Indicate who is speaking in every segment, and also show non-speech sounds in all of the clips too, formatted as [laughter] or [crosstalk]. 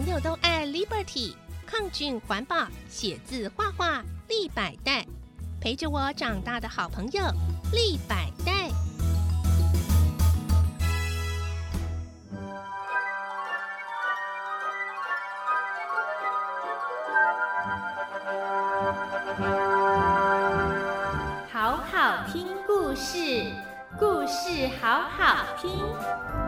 Speaker 1: 朋友都愛 Liberty，抗菌環保，寫字畫畫，利百代，陪着我長大的好朋友利百代。好好聽故事，故事好好聽。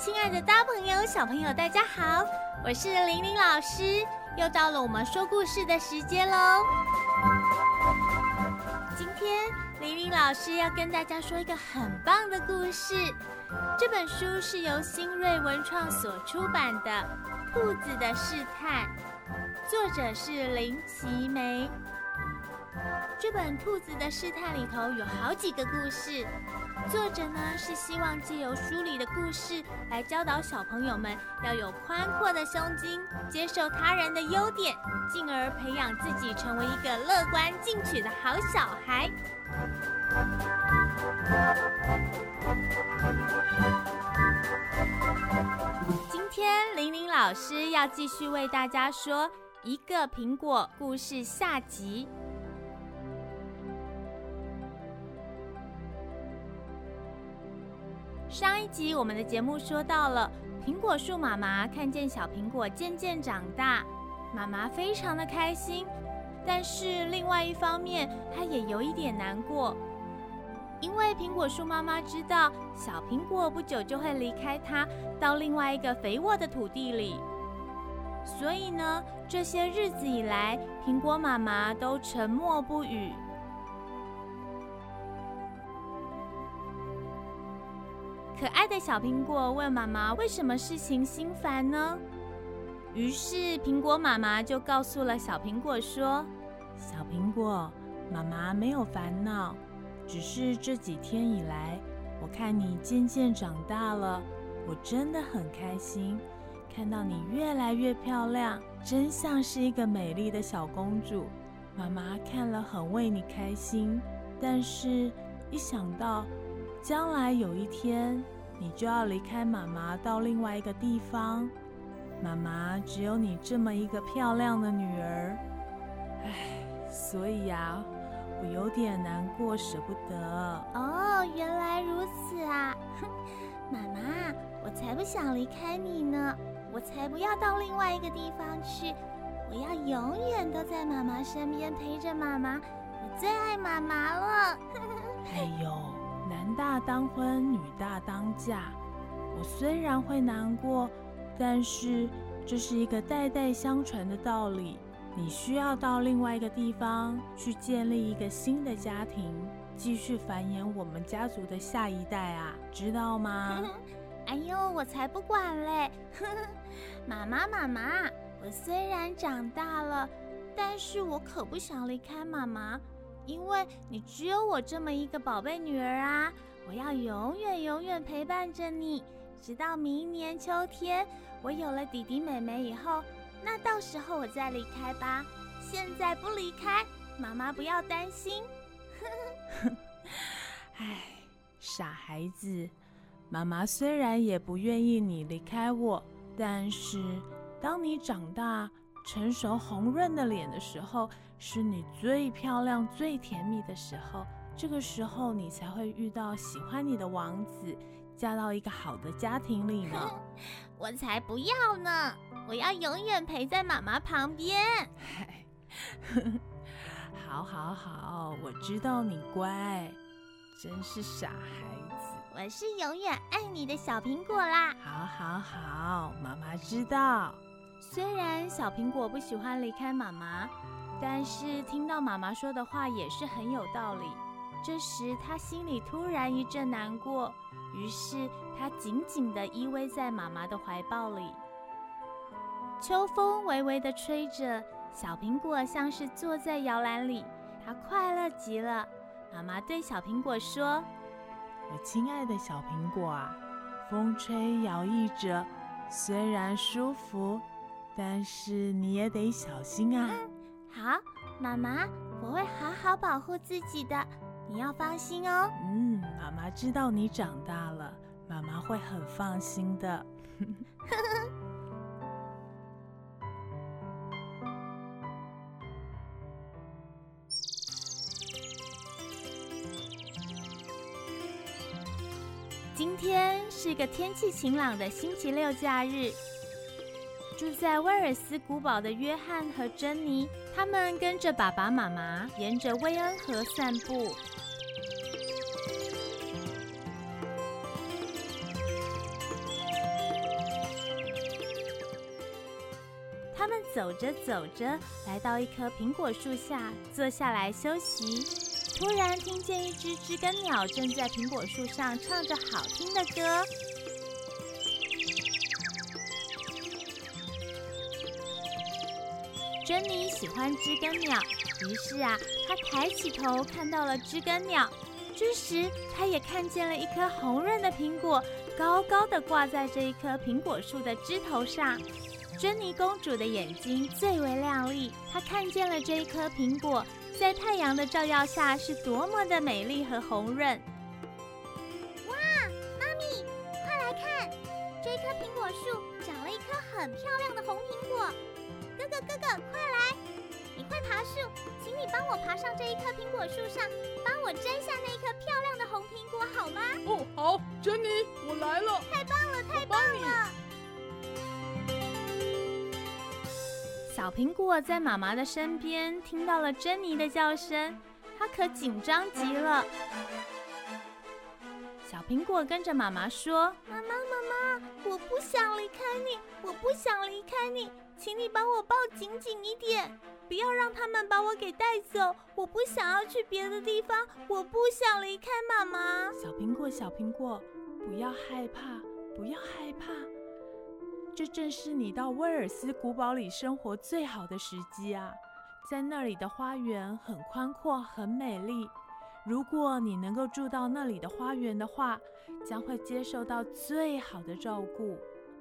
Speaker 1: 親愛的大朋友、小朋友，大家好！我是玲玲老師，又到了我們說故事的時間嘍。今天玲玲老師要跟大家說一個很棒的故事。這本書是由新銳文創所出版的《兔子的試探》，作者是林奇梅。這本《兔子的試探》裡頭有好幾個故事，作者呢是希望借由書裡的故事來教導小朋友們要有寬闊的胸襟，接受他人的優點，進而培養自己成為一個樂觀進取的好小孩。今天玲玲老師要繼續為大家說《一個蘋果》故事下集。上一集我們的節目說到了蘋果樹媽媽看見小蘋果漸漸長大，媽媽非常的開心，但是另外一方面她也有一點難過，因為蘋果樹媽媽知道小蘋果不久就會離開她到另外一個肥沃的土地裡，所以呢這些日子以來蘋果媽媽都沉默不語。可愛的小蘋果問媽媽：“為什麼事情心煩呢？”於是蘋果媽媽就告訴了小蘋果說：“小蘋果，媽媽沒有煩惱，只是這幾天以來，我看你漸漸長大了，我真的很開心，看到你越來越漂亮，真像是一個美麗的小公主。媽媽看了很為你開心，但是，一想到將來有一天。…”你就要離開媽媽到另外一個地方，媽媽只有你這麼一個漂亮的女兒，哎，所以呀，我有點難過，捨不得。哦，原來如此啊！哼，媽媽，我才不想離開你呢，我才不要到另外一個地方去，我要永遠都在媽媽身邊陪着媽媽，我最愛媽媽了。呵呵，哎呦。男大當婚，女大當嫁。我雖然會難過，但是這是一個代代相傳的道理。你需要到另外一個地方去建立一個新的家庭，繼續繁衍我們家族的下一代啊，知道嗎？ [laughs] 哎呦，我才不管嘞！ [laughs] 媽媽，媽媽，我雖然長大了，但是我可不想離開媽媽。因為你只有我這麼一個寶貝女兒啊，我要永遠永遠陪伴着你，直到明年秋天，我有了弟弟妹妹以後，那到時候我再離開吧。現在不離開，媽媽不要擔心。呵呵呵，哎，傻孩子，媽媽雖然也不願意你離開我，但是當你長大，成熟紅潤的臉的時候，是你最漂亮，最甜蜜的時候，這個時候你才會遇到喜歡你的王子，嫁到一個好的家庭裡呢。 [laughs] 我才不要呢！我要永遠陪在媽媽旁邊。 [laughs] 好，好，好，我知道你乖，真是傻孩子。我是永遠愛你的小蘋果啦！好，好，好，媽媽知道。雖然小蘋果不喜歡離開媽媽。但是聽到媽媽說的話也是很有道理。這時，他心裡突然一陣難過，於是他緊緊地依偎在媽媽的懷抱裡。秋風微微地吹着，小蘋果像是坐在搖籃裡，他快樂極了。媽媽對小蘋果說：“我親愛的小蘋果啊，風吹搖曳着，雖然舒服，但是你也得小心啊。”好，媽媽，我會好好保護自己的，你要放心哦。嗯，媽媽知道你長大了，媽媽會很放心的。 [laughs] 今天是個天氣晴朗的星期六假日，住在威爾斯古堡的約翰和珍妮。他們跟着爸爸媽媽沿着威恩河散步。他們走着走着，來到一棵蘋果樹下，坐下來休息。突然，聽見一隻知更鳥正在蘋果樹上唱着好聽的歌。珍妮喜歡知更鳥，於是啊，她抬起頭看到了知更鳥。這時，她也看見了一顆紅潤的蘋果，高高地掛在這一棵蘋果樹的枝頭上。珍妮公主的眼睛最為亮麗，她看見了這一顆蘋果，在太陽的照耀下是多麼的美麗和紅潤。哇，媽咪，快來看，這棵蘋果樹長了一顆很漂亮的紅蘋果。哥哥，哥哥，快來！你快爬樹，請你幫我爬上這一棵蘋果樹上，幫我摘下那一顆漂亮的紅蘋果好嗎？哦，好，珍妮，我來了。太棒了，太棒了！小蘋果在媽媽的身邊聽到了珍妮的叫聲，她可緊張極了。小蘋果跟着媽媽說：“媽媽，媽媽，我不想離開你，我不想離開你。”請你把我抱緊緊一點，不要讓他們把我給帶走。我不想要去別的地方，我不想離開媽媽。小蘋果，小蘋果，不要害怕，不要害怕。這正是你到威爾斯古堡裡生活最好的時機啊！在那裡的花園很寬闊，很美麗。如果你能夠住到那裡的花園的話，將會接受到最好的照顧，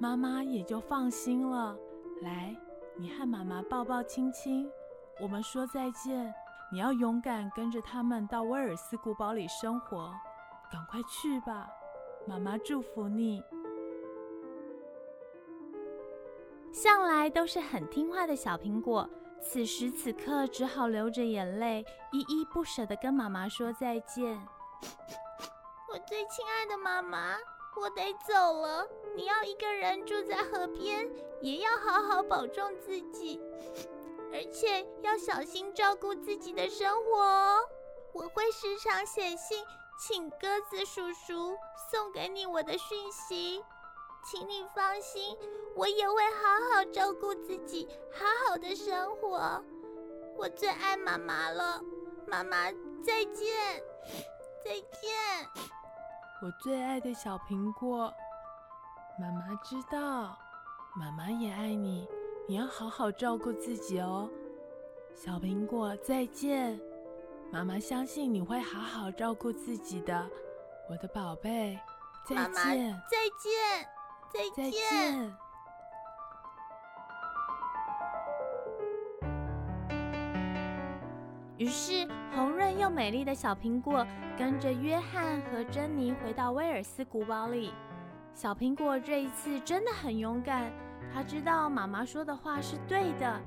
Speaker 1: 媽媽也就放心了。來，你和媽媽抱抱親親，我們說再見。你要勇敢跟着他們到威爾斯古堡裡生活，趕快去吧！媽媽祝福你。向來都是很聽話的小蘋果，此時此刻只好流着眼淚，依依不捨的跟媽媽說再見。我最親愛的媽媽，我得走了。你要一個人住在河邊，也要好好保重自己，而且要小心照顧自己的生活。我會時常寫信，請鴿子叔叔送給你我的訊息。請你放心，我也會好好照顧自己，好好的生活。我最愛媽媽了，媽媽，再見，再見。我最愛的小蘋果。媽媽知道，媽媽也愛你。你要好好照顧自己哦，小蘋果，再見。媽媽相信你會好好照顧自己的，我的寶貝，再見，媽媽再見，再見，再見。於是，紅潤又美麗的小蘋果跟着約翰和珍妮回到威爾斯古堡裡。小蘋果這一次真的很勇敢，他知道媽媽說的話是對的，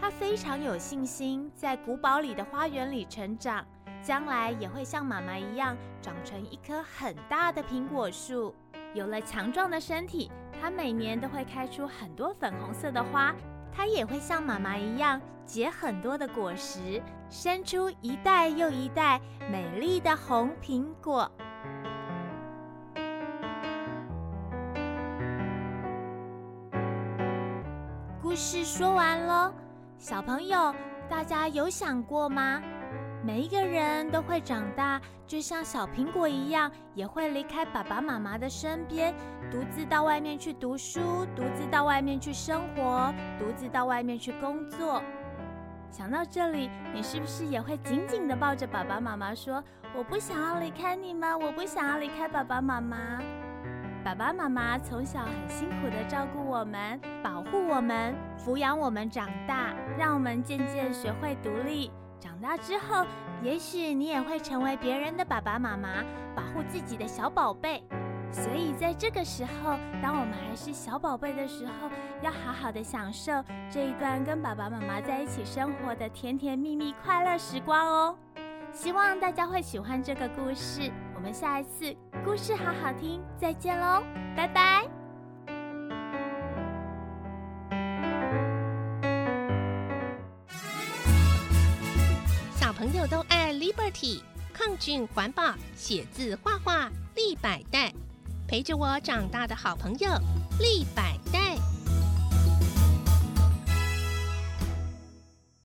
Speaker 1: 他非常有信心，在古堡裡的花園裡成長，將來也會像媽媽一樣長成一棵很大的蘋果樹。有了強壯的身體，它每年都會開出很多粉紅色的花，它也會像媽媽一樣結很多的果實，生出一代又一代美麗的紅蘋果。故事說完囉，小朋友，大家有想過嗎？每一個人都會長大，就像小蘋果一樣，也會離開爸爸媽媽的身邊，獨自到外面去讀書，獨自到外面去生活，獨自到外面去工作。想到這裡，你是不是也會緊緊地抱着爸爸媽媽，說：“我不想要離開你們，我不想要離開爸爸媽媽。”爸爸媽媽從小很辛苦的照顧我們，保護我們，撫養我們長大，讓我們漸漸學會獨立。長大之後，也許你也會成為別人的爸爸媽媽，保護自己的小寶貝。所以在這個時候，當我們還是小寶貝的時候，要好好的享受這一段跟爸爸媽媽在一起生活的甜甜蜜蜜、快樂時光哦。希望大家會喜歡這個故事。我們下一次。故事好好聽，再見嘍，拜拜！小朋友都愛 Liberty，抗菌環保，寫字畫畫，利百代，陪着我長大的好朋友利百代。